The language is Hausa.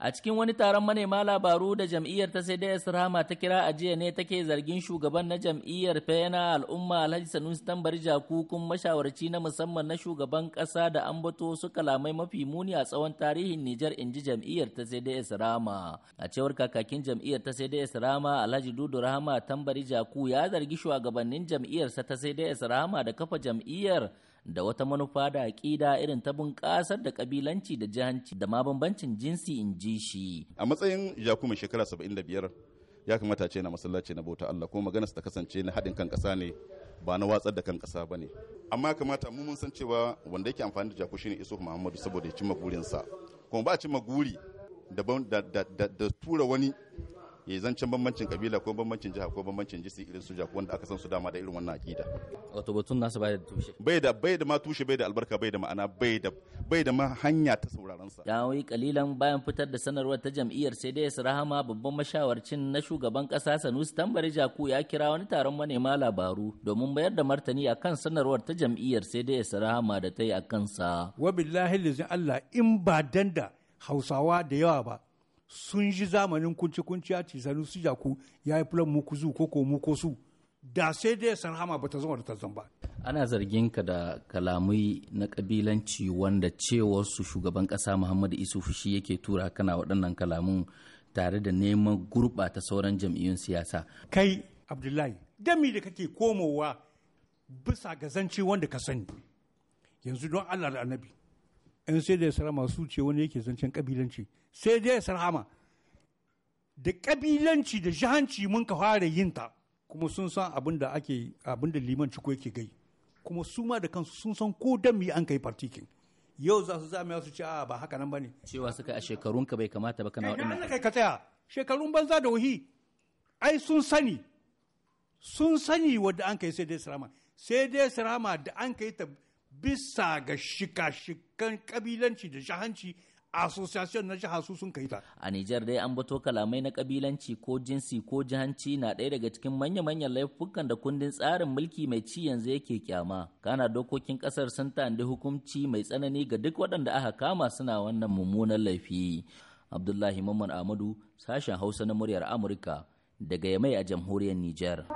A cikin wani taron manema labaru da jam'iyyar ta CDS Rama ta kira a jiya ne take zargin shugaban na jam'iyyar Fena al'umma Alhaji Sanusi Tambari kun mashawarci na musamman na shugaban kasa da ambato su kalamai mafi muni a tsawon tarihin Nijar in ji jam'iyyar ta CDS Rama. A cewar kakakin jam'iyyar ta CDS Rama Alhaji Dudu Rahama Tambari Jaku ya zargi shugabannin jam'iyyarsa ta CDS Rama da kafa jam'iyyar da wata manufa da aƙida irin ta bunƙasar da ƙabilanci da jihanci da ma bambancin jinsi in ji shi. A matsayin jakuma shekara saba'in da biyar ya kamata ce na masallaci na bauta Allah kuma maganarsa ta kasance na haɗin kan ƙasa ne ba na watsar da kan ƙasa ba ne. Amma kamata mu mun san cewa wanda yake amfani da jaku shine Isuf Muhammadu saboda ya cimma burinsa. Kuma ba a cimma guri da tura wani ya zancen bambancin kabila ko bambancin jiha ko bambancin jinsi irin su jako wanda aka san su dama da irin wannan akida wato batun nasu bai da tushe bai da bai da ma tushe bai da albarka bai da ma'ana bai da bai da ma hanya ta sauraron sa yi kalilan bayan fitar da sanarwar ta jam'iyyar sai dai su rahama babban mashawarcin na shugaban kasa Sanusi Tambari Jaku ya kira wani taron manema labaru domin bayar da martani akan sanarwar ta jam'iyyar sai dai su rahama da ta yi akan sa wabillahi lazin Allah in ba danda Hausawa da yawa ba sun ji zamanin kunci kunci a tisanu su jaku ya yi fulan muku zu ko ko muku su da sai dai san hama ba ta zama da ta ba. Ana zargin ka da kalamai na kabilanci wanda cewar su shugaban kasa Muhammadu isuf shi yake tura kana waɗannan kalamun tare da neman gurɓata sauran jam'iyyun siyasa. Kai Abdullahi, dami da kake komowa bisa ga zance wanda ka sani. Yanzu don Allah da Annabi, in sai da ya sarama su ce wani yake zancen kabilanci sai dai ya sarama da kabilanci da jahanci mun ka fara yin ta kuma sun san abin da ake abin da liman ciko yake gai kuma su ma da kansu sun san ko dan mi an kai partikin yau za su zama su ce a ba haka nan bane cewa suka a shekarun ka bai kamata ba kana wadannan kai ka tsaya shekarun banza da wahi ai sun sani sun sani wadda an kai sai dai sarama sai dai sarama da an kai ta bisa ga shika-shikan kabilanci da shahanci asosiyasiyon na jihar su sun kai A Nijar dai an bato kalamai na kabilanci ko jinsi ko jihanci na ɗaya daga cikin manya-manyan laifukan da kundin tsarin mulki mai ci yanzu yake kyama. Kana dokokin ƙasar sun tanadi hukumci mai tsanani ga duk waɗanda aka kama suna wannan mummunan laifi. Abdullahi Mamman Ahmadu, sashen Hausa na muryar Amurka, daga Yamai a jamhuriyar Nijar.